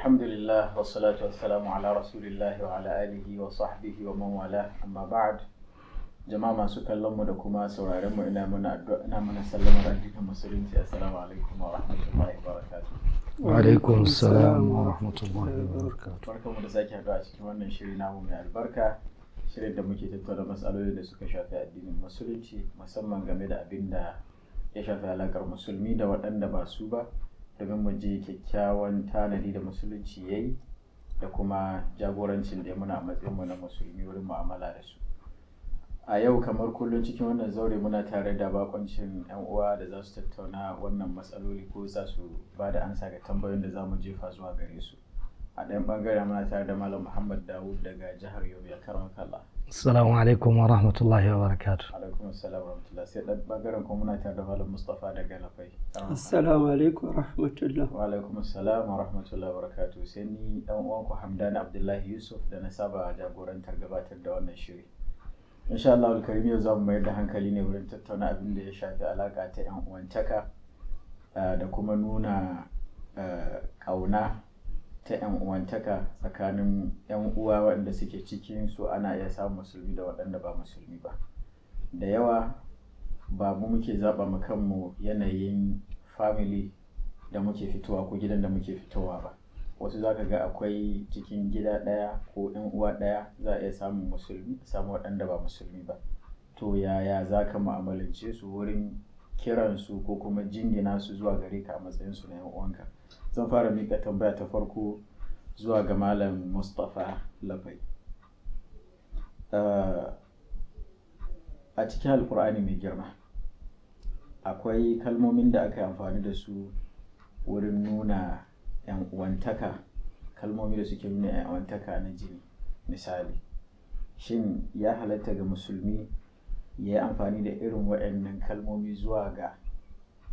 alhamdulillah wassalatu wassalamu ala wa ala alihi wa sahbihi wa man wala amma ba'ad jama'a masu kallon mu da kuma sauraren mu ina muna addu'a ina muna sallama da musulunci assalamu alaikum wa rahmatullahi wa barakatuh wa alaikum assalam wa rahmatullahi sake haɗuwa a cikin wannan shiri namu mai albarka shirin da muke tattauna matsaloli da suka shafi addinin musulunci musamman game da abin da ya shafi alakar musulmi da waɗanda ba su ba domin mu je kyakkyawan tanadi da musulunci ya yi da kuma jagorancin da ya muna matsayinmu na musulmi wurin mu'amala da su a yau kamar kullum cikin wannan zaure muna tare da bakoncin yan uwa da za su tattauna wannan matsaloli ko za su ba da ansa ga tambayoyin da za mu jefa zuwa gare su a ɗayan ɓangaren muna tare da malam muhammad dawud daga jihar yobe ya kala Assalamu alaikum wa rahmatullahi wa barakatu. Alaikum assalam wa rahmatullahi sai dan bangaren kuma muna tare da Malam Mustafa da Lafai. Assalamu alaikum wa rahmatullahi. Wa alaikum assalam wa rahmatullahi wa barakatu. Sai ni dan uwan ku Hamdan Abdullahi Yusuf da na saba jagorantar gabatar da wannan shiri. Insha Allah alkarim yau za mu mayar da hankali ne wurin tattauna abin da ya shafi alaka ta yan uwantaka eh, da kuma nuna kauna eh, ta yan uwantaka tsakanin yan uwa waɗanda suke cikin su ana iya samun musulmi da waɗanda ba musulmi ba da yawa ba mu muke zaɓa mu kanmu yanayin family da muke fitowa ko gidan da muke fitowa ba wasu za ka ga akwai cikin gida ɗaya ko yan uwa ɗaya za a iya samun musulmi samun waɗanda ba musulmi ba to yaya za ka mu'amalance su wurin kiransu ko kuma jingina su zuwa gare ka a matsayinsu na yan uwanka zan fara mika tambaya ta farko zuwa ga malam mustapha lafai eh, a cikin alkur'ani mai girma akwai kalmomin da aka yi amfani da su wurin nuna 'yan uwantaka kalmomi da suke nuna 'yan uwantaka na jini misali shin ya halatta ga musulmi ya yi amfani da irin waɗannan kalmomi zuwa ga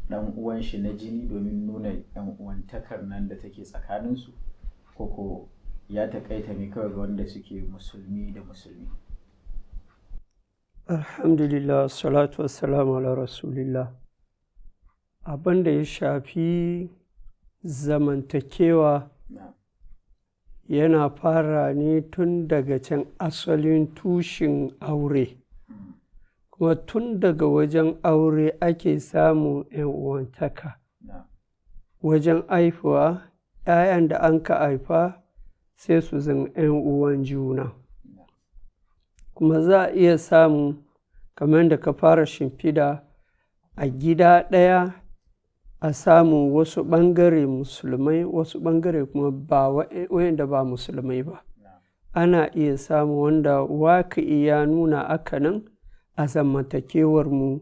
dan uwan shi na jini domin nuna yan uwantakar nan da take tsakanin tsakaninsu koko ya takaita ne kawai ga wanda suke musulmi da musulmi alhamdulillah salatu wassalamu ala rasulillah abin da ya shafi zamantakewa yana fara ne tun daga can asalin tushen aure kuma tun daga wajen aure ake samun uwantaka wajen aifuwa ‘ya'yan da an ka haifa sai su zama ‘yan uwan juna kuma za a iya samu kamar da ka fara shimfida a gida ɗaya a samu wasu ɓangare musulmai wasu ɓangare kuma ba wa'yanda ba musulmai ba ana iya samu wanda waka iya nuna akanan a mu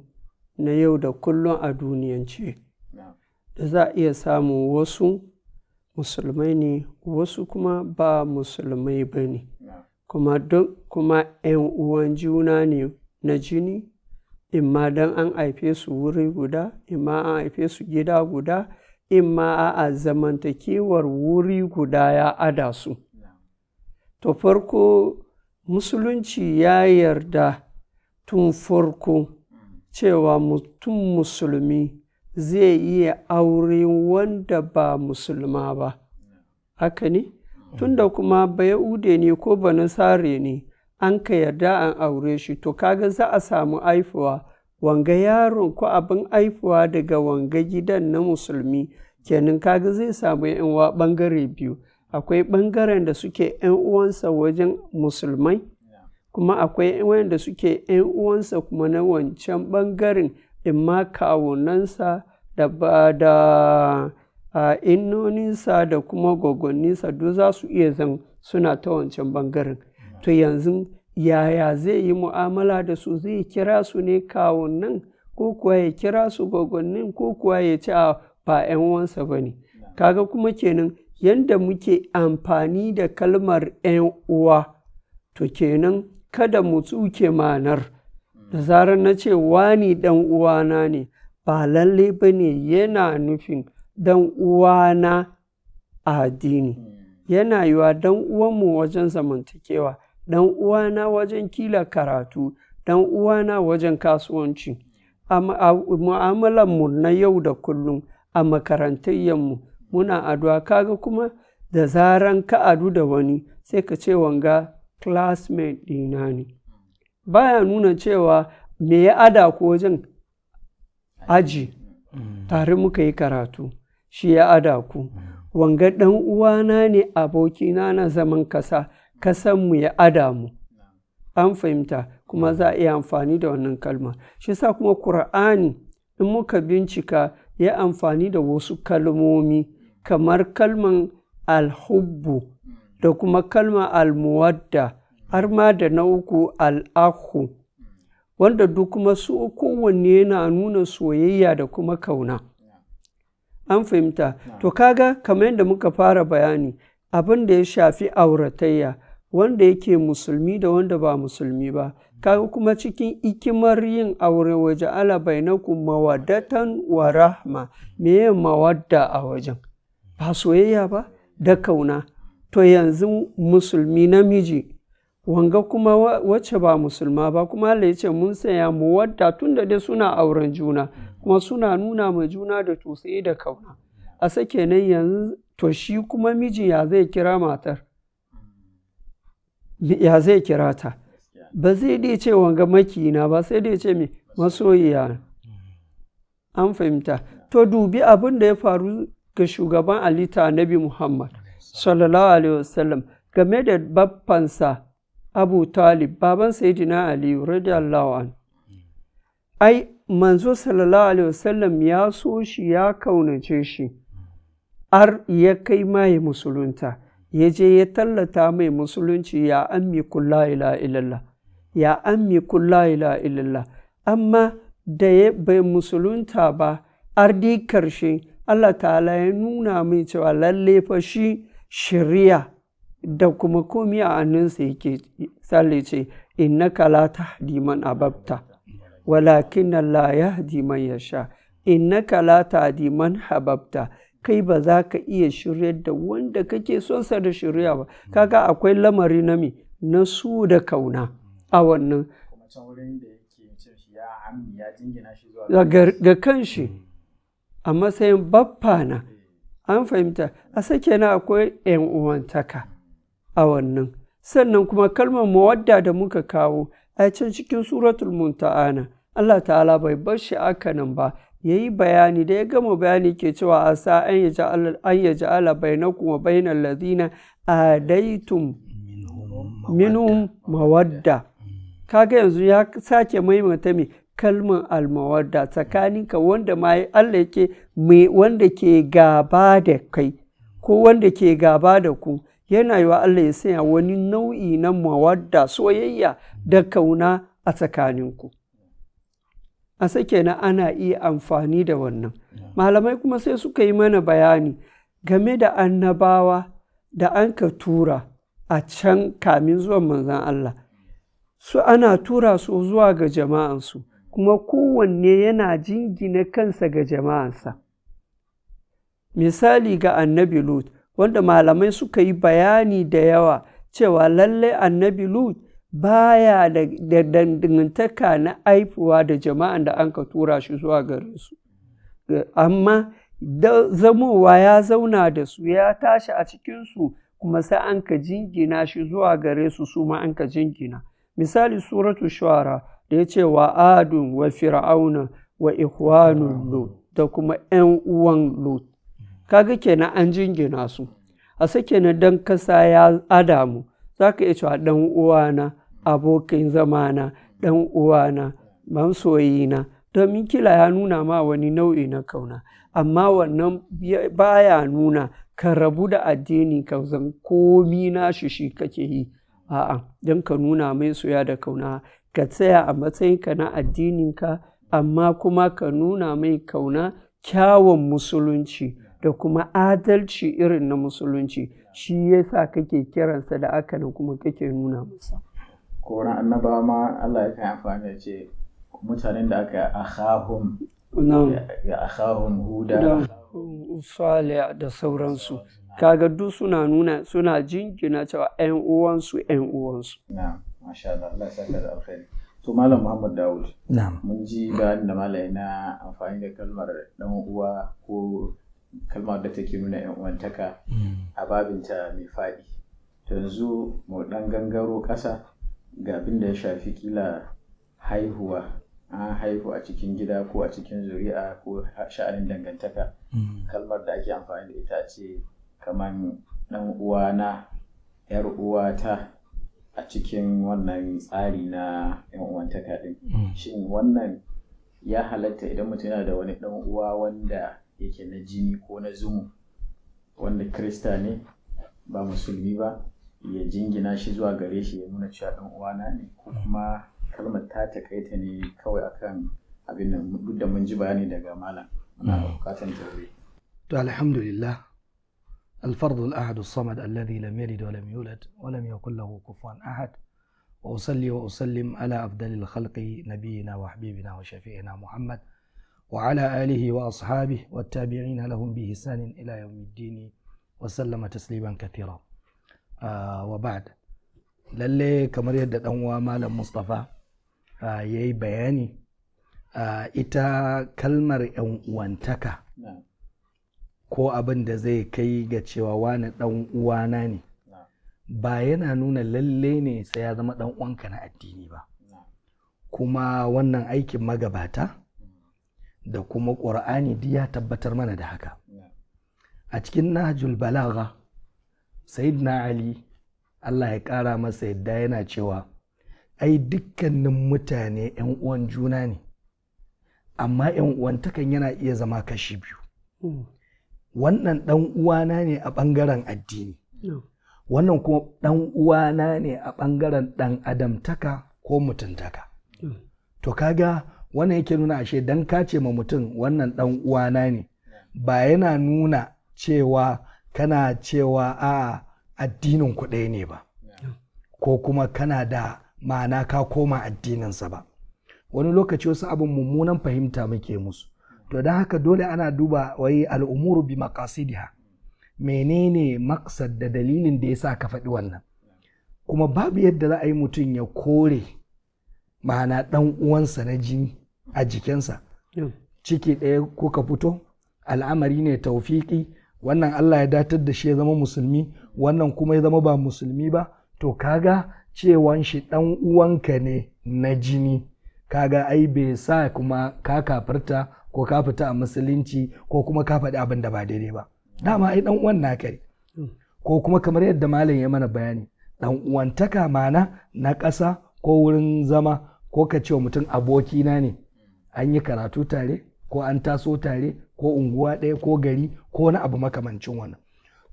na yau da kullum a duniyance da za a iya samun wasu musulmai ne wasu kuma ba musulmai ba ne kuma duk kuma 'yan uwan juna ne na jini imma don an haife su wuri guda imma an haife su gida guda imma a zamantakewar wuri guda ya ada su to farko musulunci ya yarda tun farko cewa mutum musulmi zai iya aure wanda ba musulma ba haka ne tunda kuma baya ude ne ko banasare ne an ka yarda an aure shi to kaga za a samu aifuwa wanga yaron ko abin aifuwa daga wanga gidan na musulmi kenan kaga zai samu yan uwa bangare biyu akwai bangaren da suke yan uwansa wajen musulmai kuma akwai wayanda suke 'yan uwansa kuma na wancan ɓangaren imma kawunansa da ba da innoninsa da kuma gogoninsa duk za su iya zan suna ta wancan ɓangaren to yanzu yaya zai yi mu'amala da su zai kira su ne kawunan ko kuwa ya kira su gogonin ko kuwa ya ce a ba 'yan uwansa ba ne kaga kuma kenan yadda muke amfani da kalmar 'yan uwa to kenan kada mu tsuke manar da zarar na ce wani dan uwana ne ba lalle ba ne yana nufin dan uwana a addini yana yiwa dan uwanmu wajen zamantakewa dan uwana wajen kila karatu dan uwana wajen kasuwanci a mu'amalanmu na yau da kullum a makarantayyanmu muna addu'a kaga kuma da zaran ka adu da wani sai ka ce wanga classmate ɗina ne baya nuna cewa me ya ada ko wajen aji mm. tare muka yi karatu shi ya ada ku mm. wanga ɗan uwana ne abokina na zaman kasa kasan mu ya ada mu mm. an fahimta kuma za a iya amfani da wannan kalma shi sa kuma ƙur'ani in muka bincika ya amfani da wasu kalmomi kamar kalman alhubbu da kuma kalma almuwadda har ma da na uku al'ahu wanda duk kuma su kowanne yana nuna soyayya da kuma kauna an fahimta to kaga kamar yadda muka fara bayani abin da ya shafi auratayya wanda yake musulmi da wanda ba musulmi ba kaga kuma cikin ikimar yin aure waje ala bainakum mawaddatan wa rahma me mawadda a wajen ba soyayya ba da kauna to yanzu musulmi namiji wanga kuma wacce ba musulma ba kuma Allah ya ce mun saya mu wadda tun da dai suna auren juna kuma suna nuna ma juna da tausayi da kauna a sake nan yanzu to shi kuma miji ya zai kira matar ya zai kira ta ba zai dai ce wanga makina ba sai dai ce me masoyiya an fahimta to dubi abin da ya faru ga shugaban alita nabi muhammad sallallahu alaihi wasallam game da baffansa abu talib baban sayidina aliyu radiyallahu an ai manzo sallallahu alaihi wasallam ya so shi ya kaunace shi ar ya kai mai musulunta ya je ya tallata mai musulunci ya ammi kulla ila ilallah ya ammi kulla ila ilallah amma da ya bai musulunta ba ar di karshe Allah ta'ala ya nuna min cewa lalle fa shi Shirya da kuma komi a annansa yake sale ce innaka kala ta diman ababta walakin Allah yahdi ya sha. innaka kala ta diman hababta kai ba za ka iya shiryar da wanda kake son sa da shirya ba kaga akwai lamari na mi na su da kauna a wannan ga kan shi a matsayin baffa na an fahimta a sake na akwai 'yan uwantaka a wannan sannan kuma kalmar mawadda da muka kawo a can cikin suratul munta'ana Allah ta'ala bai bar shi aka nan ba ya yi bayani da ya gama bayani ke cewa a sa an ya ja'ala kuma wa lazina ladina daitun minu mawadda kaga yanzu ya sake maimaita mai kalmar almawadda tsakaninka wanda ma Allah yake wanda ke gaba da kai ko wanda ke gaba da ku yana yiwa Allah ya sanya wani nau'i na mawadda soyayya da kauna a tsakanin ku a sake na ana iya amfani da wannan malamai kuma sai suka yi mana bayani game da annabawa da an ka tura a can kamin zuwan manzan Allah su ana tura su zuwa ga jama'ansu kuma kowanne yana jingina kansa ga jama'ansa misali ga annabi lut wanda malamai suka yi bayani da yawa cewa lallai annabi lut baya da dangantaka na aifuwa da jama'an da an ka tura shi zuwa gare su amma zamowa ya zauna da su ya tashi a cikinsu kuma sai an ka jingina shi zuwa gare su su ma an ka jingina misali suratu shawara da ya ce wa adun wa fir'auna wa ikhwanun lut da kuma 'yan uwan lut kaga kenan an jingina su a sake na dan kasa ya adamu za ka iya cewa dan uwana abokin zamana dan uwana mamsoyina domin kila ya nuna ma wani nau'i na kauna amma wannan baya nuna ka rabu da addini ka zan komi nashi shi kake yi a'a don ka nuna mai soya da kauna ka tsaya a matsayinka na addininka amma kuma ka nuna mai kauna kyawun musulunci da kuma adalci irin na musulunci shi yasa kake kiransa da aka nan kuma kake nuna masa koran annaba ma Allah ya kai amfani da ce mutanen da aka akhahum ya akhahum huda usali da sauransu kaga duk suna nuna suna jingina cewa 'yan uwansu 'yan uwansu masha Allah Allah saka da alkhairi to malam Muhammad Dawud na'am mun ji bayanin da malai na amfani da kalmar dan uwa ko kalmar da take nuna yan uwantaka a mm. babinta mai faɗi to yanzu mu dan gangaro ƙasa ga abin da ya shafi kila haihuwa an haihu a cikin gida ko a cikin zuri'a ko sha'anin dangantaka mm. kalmar da ake amfani da ita ce kamar dan uwana yar uwata a cikin wannan tsari na yan uwantaka din mm. shin wannan ya halatta idan mutum yana da wani ɗan uwa wanda yake na jini ko na zumu wanda krista ne ba musulmi ba ya jingina shi zuwa gare shi ya nuna cewa ɗan uwana ne ko kuma kalmar ta takaita ne kawai akan abin duk da mun ji bayani daga malam muna mm. bukatar tauri to alhamdulillah الفرد الأحد الصمد الذي لم يلد ولم يولد ولم يكن له كفوا أحد وأصلي وأسلم على أفضل الخلق نبينا وحبيبنا وشفيعنا محمد وعلى آله وأصحابه والتابعين لهم بإحسان إلى يوم الدين وسلم تسليما كثيرا آه وبعد للي kamar yadda dan مصطفى malam Mustapha ya yi bayani ita kalmar وانتكا ko abin da zai kai ga cewa wani dan uwana ne ba yana nuna lalle ne sai ya zama dan uwanka na addini ba kuma wannan aikin magabata da kuma ƙur'ani duk ya tabbatar mana da haka a cikin nahjul balaga sayyidina ali allah ya ƙara masa yadda yana cewa ai dukkanin mutane 'yan uwan juna ne amma 'yan uwantakan yana iya zama kashi biyu hmm. wannan ɗan uwana ne a ɓangaren addini wannan kuma ɗan uwana ne a ɓangaren ɗan adamtaka ko mutuntaka to kaga wannan yake nuna ashe dan ka ce ma mutum wannan ɗan uwana ne ba yana nuna cewa kana cewa a addinin ku ɗaya ne ba ko kuma kana da ma'ana ka koma addininsa ba wani lokaci wasu abin mummunan fahimta muke musu to don haka dole ana duba wai al'umuru bi makasidiha menene maksad da dalilin da ya sa ka faɗi wannan kuma babu yadda za a yi mutum ya kore ma'ana ɗan uwansa na jini a jikinsa ciki ɗaya ko ka fito al'amari ne taufiki wannan Allah ya datar da shi ya zama musulmi wannan kuma ya zama ba musulmi ba to kaga cewan shi ɗan uwanka ne na jini kaga ai bai sa kuma ka kafarta. ko ka fita a musulunci ko kuma ka faɗi abin da ba daidai ba dama ai dan uwan naka ne hmm. ko kuma kamar yadda malam ya mana bayani dan uwantaka mana na ƙasa ko wurin zama ko ka ce mutum abokina ne an yi karatu tare ko an taso tare ko unguwa ɗaya ko gari ko wani abu makamancin wannan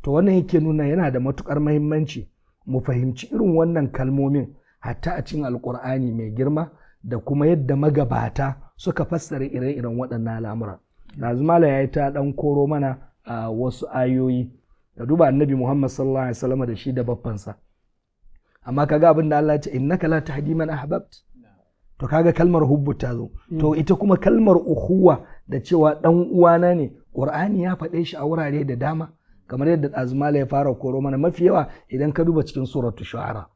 to wannan yake nuna yana da matukar muhimmanci mu fahimci irin wannan kalmomin hatta a cikin alkur'ani mai girma da kuma yadda magabata suka fassara ire-iren waɗannan al'amura yanzu ya yi ta ɗan koro mana a wasu ayoyi da duba annabi muhammad sallallahu alaihi wasallam da shi da baffansa amma kaga abin da Allah ya ce innaka la tahdi man ahbabt to kaga kalmar hubbu ta zo to mm. ita kuma kalmar uhuwa da cewa ɗan uwana ne qur'ani ya faɗe shi a wurare da dama kamar yadda azmala ya fara koro mana mafi yawa idan ka duba cikin suratu shu'ara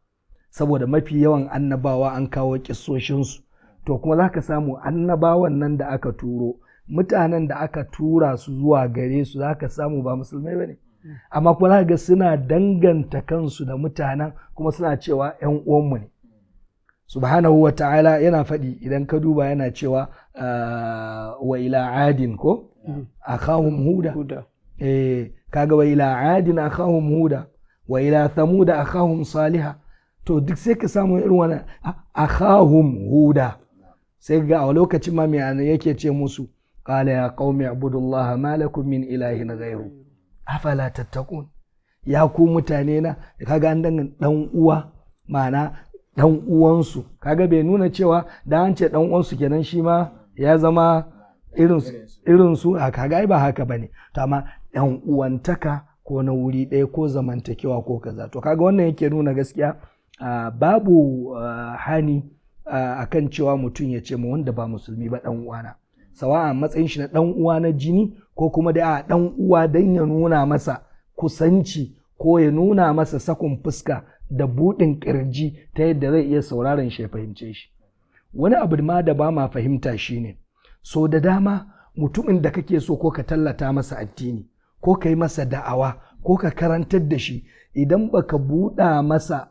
saboda mafi yawan annabawa an kawo kissoshinsu to kuma za ka samu annabawan nan da aka turo mutanen da aka tura su zuwa gare su za ka samu ba musulmai ba ne amma kuma za ga suna danganta kansu da mutanen kuma suna cewa 'yan uwanmu ne subhanahu wa ta'ala yana faɗi idan ka duba yana cewa ah, wa ila adin ko a akhahum huda eh, ka kaga wa ila adin akhahum huda wa ila thamuda akhahum saliha to duk sai ka samu irin wannan ah, akhahum huda sai ga a lokacin ma mai yake ce musu qala ya qaumi ibudullaha ma lakum min ilahin ghairu afala tattaqun ya ku mutane na kaga an dan dan uwa ma'ana dan uwansu kaga bai nuna cewa da an ce dan uwansu kenan shi ma ya zama irinsu. a kaga ai ba haka bane to amma dan uwantaka ko na wuri ɗaya ko zamantakewa ko kaza to kaga wannan yake nuna gaskiya babu hani a kan cewa mutum ya ce ma wanda ba musulmi ba dan uwana sawa a matsayin shi na dan uwa na jini ko kuma da dan uwa dan ya nuna masa kusanci ko ya nuna masa sakun fuska da buɗin kirji ta yadda zai iya sauraron shi ya fahimce shi wani abu ma da ba ma fahimta shine so da dama mutumin da kake so ko ka tallata masa addini ko ka yi masa da'awa ko ka karantar da shi idan baka buɗa masa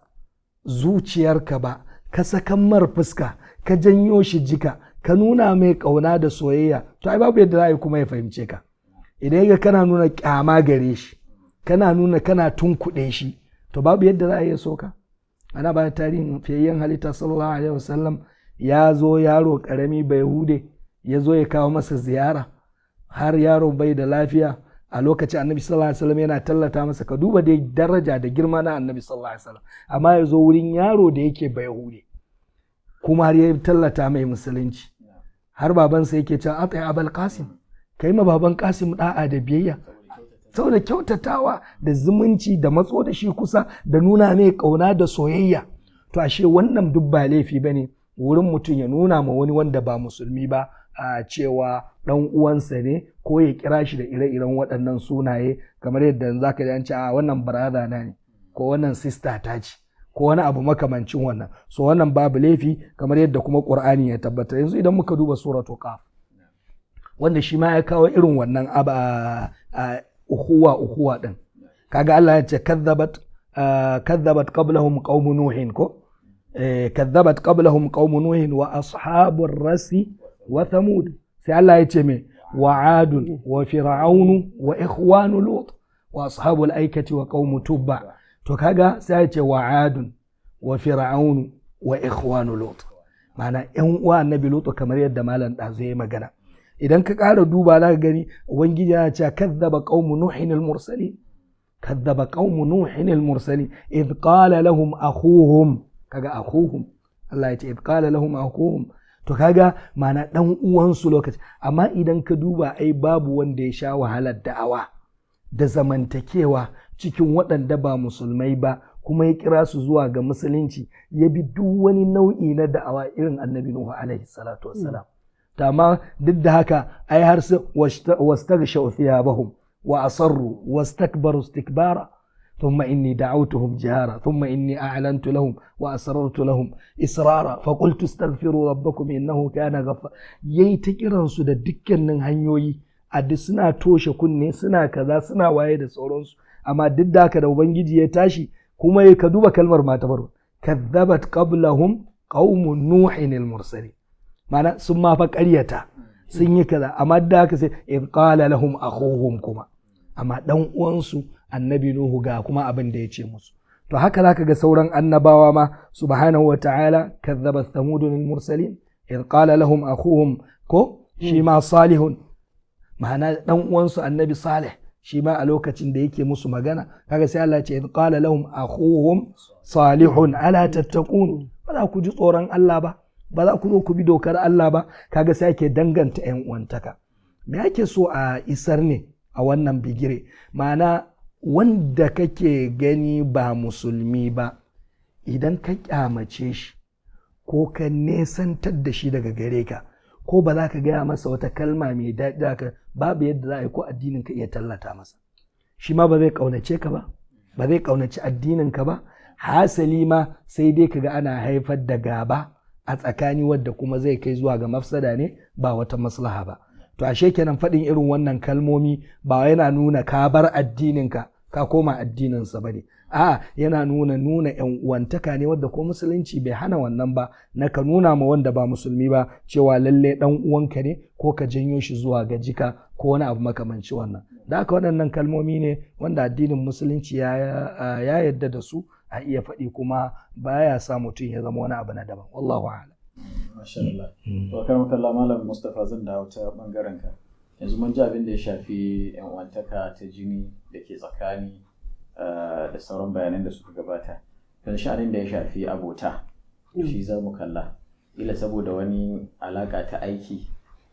zuciyarka ba ka sakan fuska ka janyo shi jika ka nuna mai kauna da soyayya to ai babu yadda za a yi kuma ya fahimce ka idan ga kana nuna kyama gare shi kana nuna kana tunkuɗe shi to babu yadda za a iya soka ana ba tarihin fiyayyen halitta sallallahu alaihi wasallam ya zo yaro karami bai hude ya zo ya kawo masa ziyara har yaro bai da lafiya a lokacin annabi sallallahu alaihi wasallam yana tallata masa ka duba dai daraja da girma na annabi sallallahu alaihi wasallam amma ya zo wurin yaro da yake bai hure kuma har ya tallata mai musulunci har babansa yake cewa atai abal qasim kai ma baban qasim da'a da biyayya saboda kyautatawa da zumunci da matso da shi kusa da nuna mai kauna da soyayya to ashe wannan duk ba laifi bane wurin mutum ya nuna ma wani wanda ba musulmi ba a cewa ɗan uwansa ne ko ya kira shi da ire-iren waɗannan sunaye kamar yadda za ka ji a ah, wannan brother na ne ko wannan sista ta ce ko wani abu makamancin wannan so wannan babu laifi kamar yadda kuma ƙur'ani ya tabbatar yanzu idan muka duba suratu qaf wanda shi ma ya kawo irin wannan aba uhuwa uhuwa din kaga Allah ya ce kadzabat kadzabat qablahum qaum nuhin ko eh, kadzabat qablahum qaum nuhin wa ashabun rasi wa thamud sai Allah ya ce me wa adun wa fir'aunu wa ikhwanu lut wa ashabul aikati wa qaumu tubba to kaga sai ya ce wa adun wa fir'aunu wa ikhwanu lut ma'ana yan uwa annabi lutu kamar yadda malam ɗazu ya magana idan ka ƙara duba za ka gani ubangiji yana cewa kazzaba qaumu nuhin al-mursalin kazzaba qaumu nuhin al-mursalin id qala lahum akhuhum kaga akhuhum Allah ya ce id qala lahum akhuhum to kaga mana dan uwansu lokaci amma idan ka duba ai babu wanda ya sha wahalar da'awa da zamantakewa cikin waɗanda ba musulmai ba kuma ya kira su zuwa ga musulunci ya bi duk wani nau'i na da'awa irin annabi nuhu alaihi salatu wassalam amma duk da haka ai har su wastaghshaw thiyabahum wa asarru wastakbaru istikbara ثم إني دعوتهم جهارا ثم إني أعلنت لهم وأسررت لهم إسرارا فقلت استغفروا na إنه كان غفارا yayi ta kiransu da dukkanin hanyoyi a duk suna toshe kunne suna kaza suna waye da sauransu amma duk da haka da ubangiji ya tashi kuma ya duba kalmar ma ta farko kadzabat qablahum qaumun nuhin al-mursalin mana sun sun yi kaza amma da haka sai in qala lahum akhuhum kuma amma dan uwansu annabi nuhu ga kuma abin da ya ce musu to haka za ka ga sauran annabawa ma subhanahu wataala kazzaba thamudun mursalin id qala lahum akhuhum ko shi ma salihun ma'ana dan uwansu annabi salih shi ma a lokacin da yake musu magana kaga sai Allah ya ce id qala lahum akhuhum salihun ala tattaqun ba za ku ji tsoron Allah ba ba za ku zo ku bi dokar Allah ba kaga sai ake danganta yan uwantaka me ake so a isar ne a wannan bigire ma'ana wanda kake gani ba musulmi ba idan ka kyamace shi ko ka nesantar da shi daga gare ka ko ba za ka gaya masa wata kalma mai daɗi ka babu yadda za a yi ko addinin ka iya tallata masa shi ma ba zai ƙaunace ka ba ba zai ƙaunaci addinin ka ba hasali ma sai dai ka ga ana haifar da gaba a tsakani wadda kuma zai kai zuwa ga mafsada ne ba wata maslaha ba to ashe kenan faɗin irin wannan kalmomi ba yana nuna ka bar addininka ka koma addininsa ba ne a yana nuna nuna yan uwantaka ne wadda ko musulunci bai hana wannan ba na ka nuna ma wanda ba musulmi ba cewa lalle dan uwanka ne ko ka janyo shi zuwa ga jika ko wani abu makamanci wannan da haka waɗannan kalmomi ne wanda addinin musulunci ya yadda da su a iya faɗi kuma baya sa mutum ya zama wani abu na daban wallahu a'lam masha Allah to malam Mustafa zan dawo ta bangaren yanzu mun ji abin da ya shafi yan wantaka ta jini da ke tsakani eh, da sauran bayanan da suka gabata don sha'anin da ya shafi abota hmm. shi za mu kalla ila saboda wani alaka ta aiki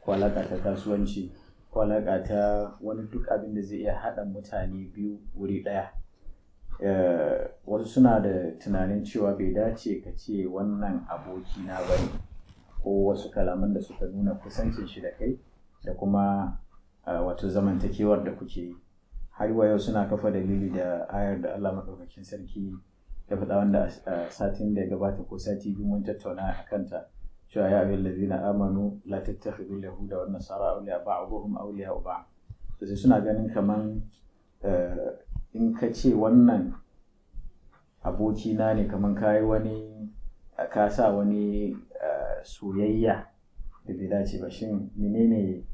ko alaka ta kasuwanci ko alaka ta wani duk abin da zai iya haɗa mutane biyu wuri ɗaya eh, wasu suna da tunanin cewa bai dace ka ce wannan aboki na bane ko wasu kalaman da suka nuna kusancin shi da kai da kuma wato zamantakewar da kuke har wa yau suna kafa dalili da ayar da Allah maɗaukakin sarki ya faɗa wanda a satin da ya gabata ko sati biyu mun tattauna a kanta cewa ya ayyuhal ladina amanu la al yahuda an nasara awliya ba'dhum awliya ba to sai suna ganin kaman in ka ce wannan abokina ne kaman kai wani ka sa wani soyayya da bai dace ba shin menene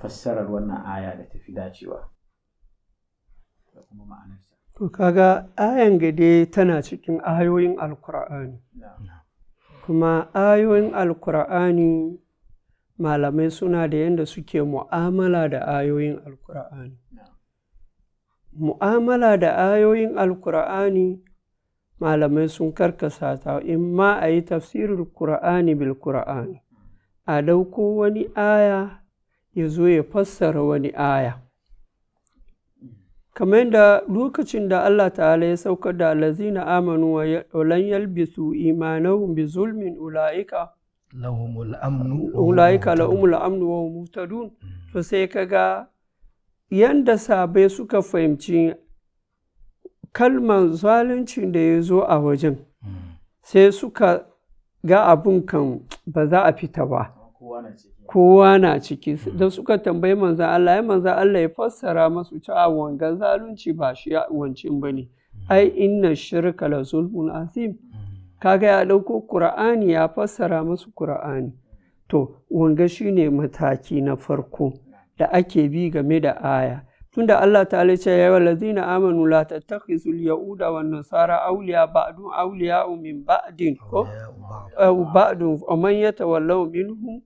fassarar wannan aya da tafi dacewa da kuma To kaga ayan gade tana cikin ayoyin alkur'ani. Kuma ayoyin alkur'ani malamai suna da yadda suke mu'amala da ayoyin alkur'ani. Mu'amala da ayoyin alkur'ani malamai sun karkasa ta in ma a yi tafsirin kur'ani bil kur'ani a dauko wani aya ya zo ya fassara wani aya kamar da lokacin da Allah ta'ala ya saukar da lazina amanu wa lan yalbisu imanahum bi zulmin ula'ika lahumul amnu ula'ika lahumul amnu wa mutadun hmm. to sai kaga yanda sabai suka fahimci kalman zaluncin da ya zo a wajen hmm. sai suka ga abun kan ba za a fita ba kowa na ciki hmm. da suka tambayi manzan Allah ya manzan Allah ya fassara masu cewa wanga zalunci ba shi wancin ba ne hmm. ai inna shirka la zulmun azim hmm. kaga ya ɗauko Kur'ani ya fassara masu Kur'ani to wanga shine mataki na farko da ake bi game da aya tunda Allah ta'ala ce ya walazina amanu la tattakhizul yahuda wan nasara awliya ba'du awliya min ba'din ko ba'du amman yatawallaw minhum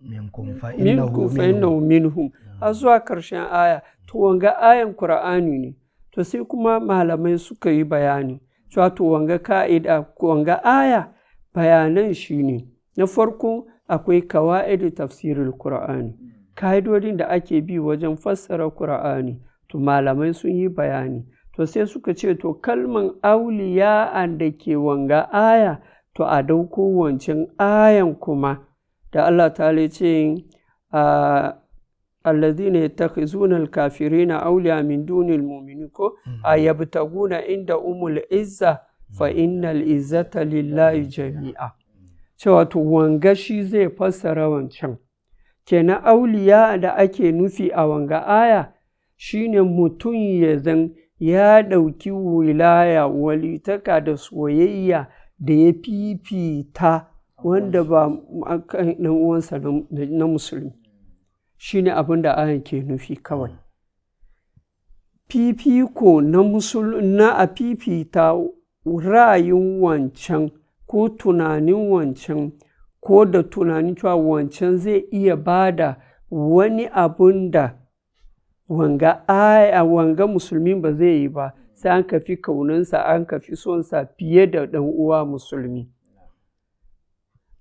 minkum fa innahu minhum a zuwa karshen aya to wanga ayan qur'ani ne to sai kuma malamai suka yi bayani cewa to wanga ka'ida wanga aya bayanan shine na farko akwai kawa'idu tafsirul qur'ani ka'idodin da ake bi wajen fassara qur'ani to malamai sun yi bayani to sai suka ce to kalman auliya da ke wanga aya to a dauko wancan ayan kuma da Allah ta ce a alladhi ne ta zunar kafirai na auliya min dunil mumini ko mhm. a yabi taguna inda umul izza fa mhm. innal izzata lillahi mhm. jami'a cewa to shi zai fassara wancan kenan auliya da ake nufi a wanga aya shine mutum ya ya ɗauki wilaya walitaka da soyayya da ya fifita wanda ba a ɗan uwansa na musulmi shine abin da ayan ke nufi kawai fifiko na na a fifita ra'ayin wancan ko tunanin wancan ko da tunanin cewa wancan zai iya bada wani abin da wanga aya wanga musulmi ba zai yi ba sai an kafi kaunansa an kafi sonsa fiye da ɗan uwa musulmi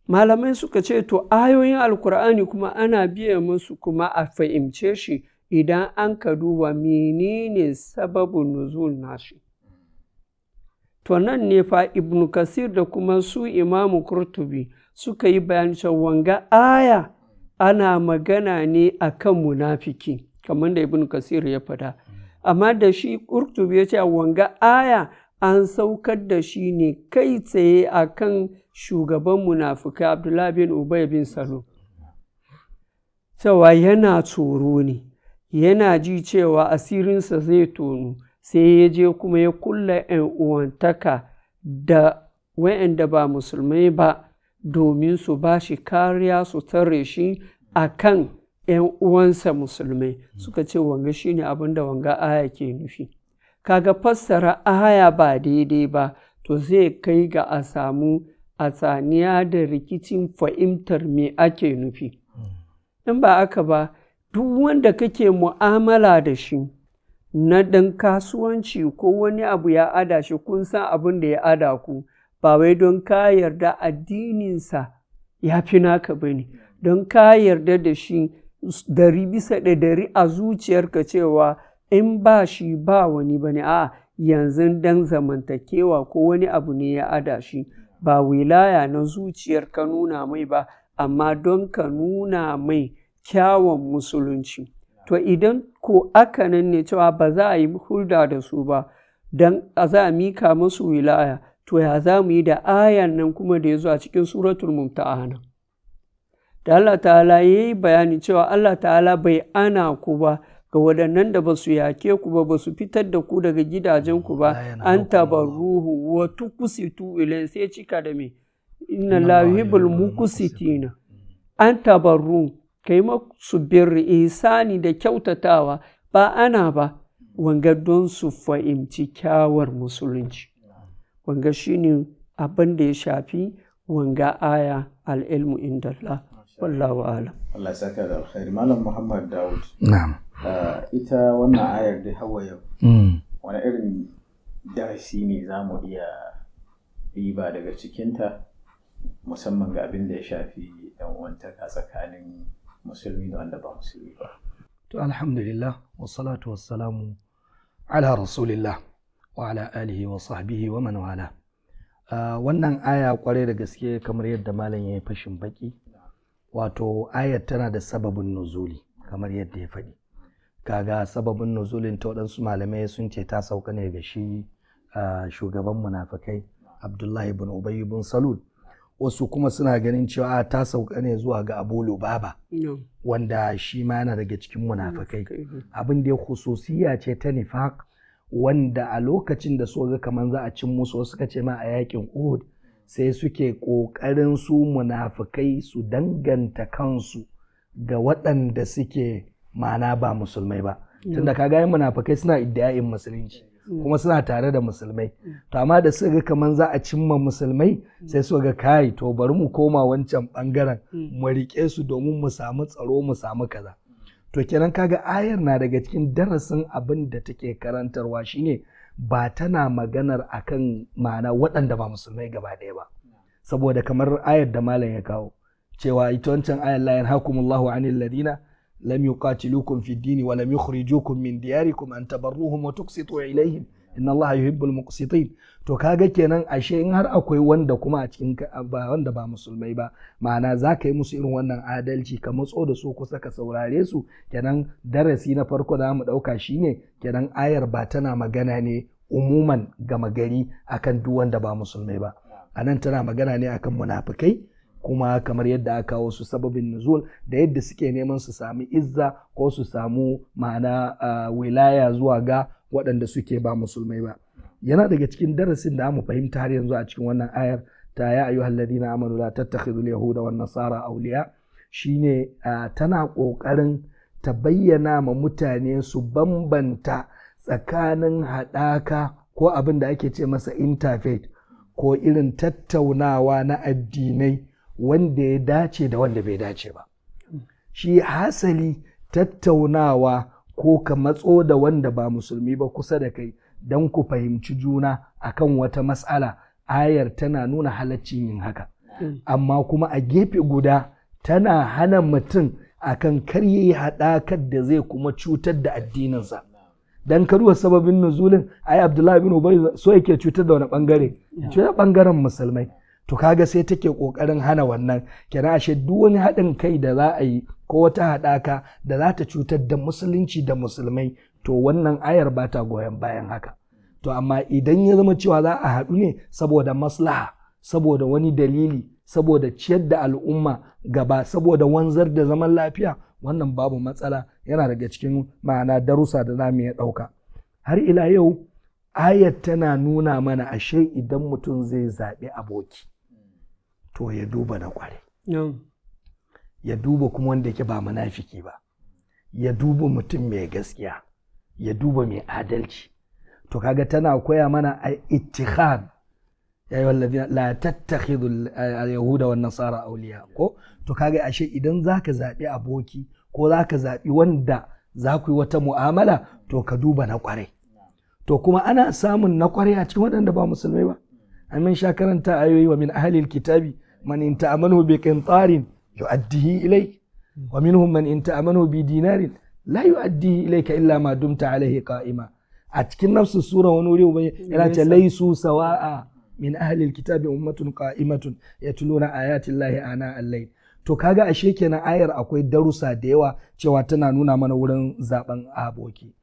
malamai suka ce to ayoyin alkur'ani kuma ana biya musu kuma a fahimce shi idan an ka duba menene sababin nuzul nashi to nan ne fa ibnu kasir da kuma su imamu kurtubi suka yi bayan wanga aya ana magana ne a kan munafiki kamar da ibnu kasir ya fada amma da shi kurtubi ya ce wanga aya an saukar da shi ne kai tsaye a kan shugaban munafuka abdullahi bin ubay bin salo cewa yana tsoro ne yana ji cewa asirinsa zai tonu sai ya je kuma ya kulla yan uwantaka da wayanda ba musulmai ba domin su ba shi kariya su tare shi a kan yan uwansa musulmai suka ce wanga shine abin da wanga aya ke nufi kaga fassara aya ba daidai ba to zai kai ga a samu tsaniya da rikicin fahimtar me ake nufi in ba aka ba duk wanda kake mu'amala da shi na ɗan kasuwanci ko wani abu ya ada shi kun san abin da ya ada ku ba wai don ka yarda addininsa ya fi naka ba ne don ka yarda da shi dari bisa da dari a zuciyarka cewa in ba shi ba wani ne a yanzu dan zamantakewa ko wani abu ne ya ada shi ba wilaya na zuciyar ka nuna mai ba amma don ka nuna mai kyawun musulunci to idan ko aka nan ne cewa ba za a yi hulda da su ba don a za a mika musu wilaya to ya za mu yi da ayan nan kuma da ya zo a cikin suratul mumtahana da Allah ta'ala ya yi bayani cewa Allah ta'ala bai ana ku ba ga waɗannan da ba su yake ku ba ba su fitar da ku daga gidajenku ba an ruhu wa tuqsitu ilayhi sai cika da me inna la yuhibbul muqsitina an tabarru kai ma su birri ihsani da kyautatawa ba ana ba wanga don su fahimci kyawar musulunci wanga shine abin da ya shafi wanga aya al-ilmu indallah wallahu alam Allah saka da alkhairi malam Muhammad Dawud Uh, ita wannan ayar da hawa yau mm. wani irin darasi ne za mu iya riba daga cikinta musamman ga abin da ya shafi yan tsakanin musulmi da wanda ba musulmi ba to alhamdulillah wassalatu wassalamu ala rasulillah wa ala alihi wa sahbihi wa man wala uh, wannan aya kwarai da gaske kamar yadda malam ya yi fashin baki wato ayar tana da sababin nuzuli kamar yadda ya faɗi kaga sababin nuzulin ta waɗansu malamai sun ce ta sauka ne ga shi shugaban munafikai abdullahi bin ubayy bin salul wasu kuma suna ganin cewa ta sauka ne zuwa ga abu baba wanda shi ma yana daga cikin munafikai hmm. abin da ya hususiya ce ta nifaq wanda a lokacin da so ga kamar za a cin musu wasu suka ce ma a yakin uhud sai suke ƙoƙarin su munafikai su danganta kansu ga waɗanda suke ma'ana ba musulmai ba mm. tunda ka gaya munafukai suna iddiyayin musulunci mm. kuma suna tare da musulmai mm. to amma da suka ga kaman za a cimma musulmai sai suka ga kai to bari mu koma wancan bangaren mu rike su domin mu samu tsaro mu samu kaza to kenan kaga ayar na daga cikin darasin abin da take karantarwa shine ba tana maganar akan ma'ana waɗanda ba musulmai gaba ɗaya ba saboda kamar ayar da malam ya kawo cewa ita wancan ayar la yanhakumullahu anil ladina lam yuqatilukum fi dini wa lam yukhrijukum min diyarikum an tabarruhum wa tuqsitu ilaihim inna allaha yuhibbul muqsitin to kaga kenan ashe in har akwai wanda kuma a cikin ba wanda ba musulmai ba ma'ana za ka yi musu irin wannan adalci ka matso da su kusa ka saurare su kenan darasi na farko da mu ɗauka shine kenan ayar ba tana magana ne umuman gama gari akan duk wanda ba musulmai ba anan tana magana ne akan munafukai. kuma kamar yadda aka kawo su sababin nuzul da yadda suke neman su sami izza ko su samu ma'ana wilaya zuwa ga waɗanda suke ba musulmai ba yana daga cikin darasin da mu fahimta har yanzu a cikin wannan ayar ta ya ayu halladina amanu la tattakhidul yahuda wan nasara awliya shine tana kokarin ta bayyana ma mutane su bambanta tsakanin haɗaka ko abin da ake ce masa interfaith ko irin tattaunawa na addinai wanda ya dace da wanda bai dace ba shi hasali tattaunawa ko ka matso da wanda ba musulmi ba kusa da kai don ku fahimci juna akan wata matsala ayar tana nuna halaccin yin haka mm. amma kuma a gefe guda tana hana mutum akan kar yi haɗakar da zai kuma cutar da addininsa dan karuwa sababin nuzulin ai abdullahi bin ubay so yake cutar da wani bangare cutar bangaren musulmai to kaga sai take kokarin hana wannan kenan ashe duk wani haɗin kai da za a yi ko wata haɗaka da za ta cutar da musulunci da musulmai to wannan ayar ba ta goyon bayan haka to amma idan ya zama cewa za a haɗu ne saboda maslaha saboda wani dalili saboda ciyar da al'umma gaba saboda wanzar da zaman lafiya wannan babu matsala yana daga cikin ma'ana darussa da zamu ya ɗauka har ila yau ayat tana nuna mana ashe idan mutum zai zaɓi aboki to ya duba na kware. ya duba kuma wanda yake ba munafiki ba ya duba mutum mai gaskiya ya duba mai adalci to kaga tana koya mana a ittihad ya yi wallazina la tattakhidu al-yahuda wan nasara Auliya, ko to kaga ashe idan zaka zabi aboki ko zaka zabi wanda za ku yi wata mu'amala to ka duba na kwarai to kuma ana samun na kware a cikin waɗanda ba musulmai ba amin sha karanta ayoyi wa min ahalil kitabi man in ta'amanu bi qintarin yu'addihi ilai wa minhum man in ta'amanu bi dinarin la yu'addihi ilayka illa ma dumta alayhi qa'ima a cikin nafsu sura wani wuri yana ce laisu sawa'a min ahlil kitabi ummatun qa'imatun yatluna ayati llahi ana allay to kaga ashe kenan ayar akwai darusa da yawa cewa tana nuna mana wurin zaben aboki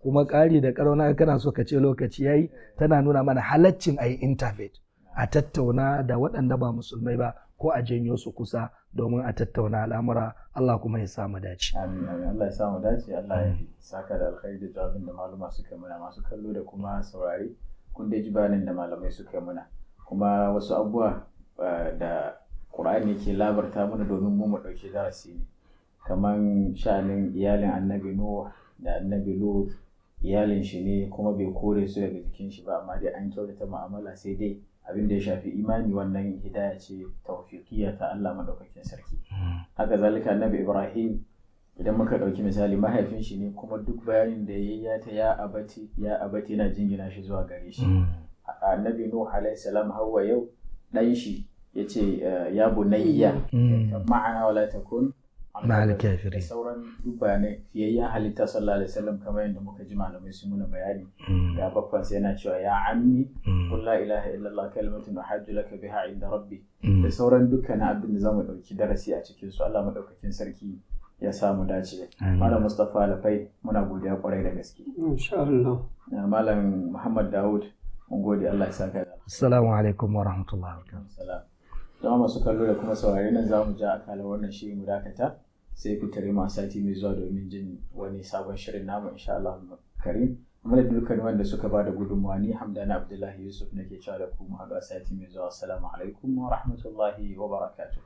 kuma ƙari da ƙarauna kana so ka ce lokaci yayi eh. tana nuna mana halaccin a yi interfaith a tattauna da waɗanda ba musulmai ba ko a janyo su kusa domin a tattauna al'amura Allah kuma ya samu dace. Amin amin Allah ya samu dace Allah ya saka da alkhairi da jawabin da maluma suka muna masu kallo da kuma saurari kun ji da malamai suka muna kuma wasu abubuwa eh, da Qur'ani ke labarta mana domin mu mu ɗauki darasi ne kamar sha'anin iyalin annabi Nuh da annabi Lut iyalin shi ne kuma bai kore su daga jikin shi ba amma dai an kyautata mu'amala sai dai abin da ya shafi imani wannan hidaya ce tawfiqiyya ta Allah madaukakin sarki hmm. haka zalika annabi Ibrahim idan muka ɗauki misali mahaifin shi ne kuma duk bayanin da yayi ya ta ya abati ya abati yana jingina shi zuwa gare shi hmm. annabi Nuh alayhi salam hawa yau dan shi yace ya bunayya hmm. ma'ana wala takun sauran duk bayanai fiyayyen halitta sallallahu alaihi wasallam kamar yadda muka ji malamai sun muna bayani mm. ga bakwan sai yana cewa ya ammi mm. qul la ilaha illallah kalimatun uhajju laka biha inda rabbi mm. da sauran dukkanin abin da zamu dauki darasi a cikin su Allah madaukakin sarki ya samu dace malam mustafa lafai muna godiya kwarai da gaske insha Allah malam muhammad daud mun gode Allah ya saka assalamu alaikum wa rahmatullahi wa barakatuh zama masu kallo da kuma saurare nan za mu ja a kala wannan shirin mu dakata sai ku tare ma sati mai zuwa domin jin wani sabon shirin namu insha Allah karim amma da dukkan wanda suka ba da gudunmawa ni hamdana abdullahi yusuf nake cewa da ku mu a sati mai zuwa assalamu alaikum wa rahmatullahi wa barakatuh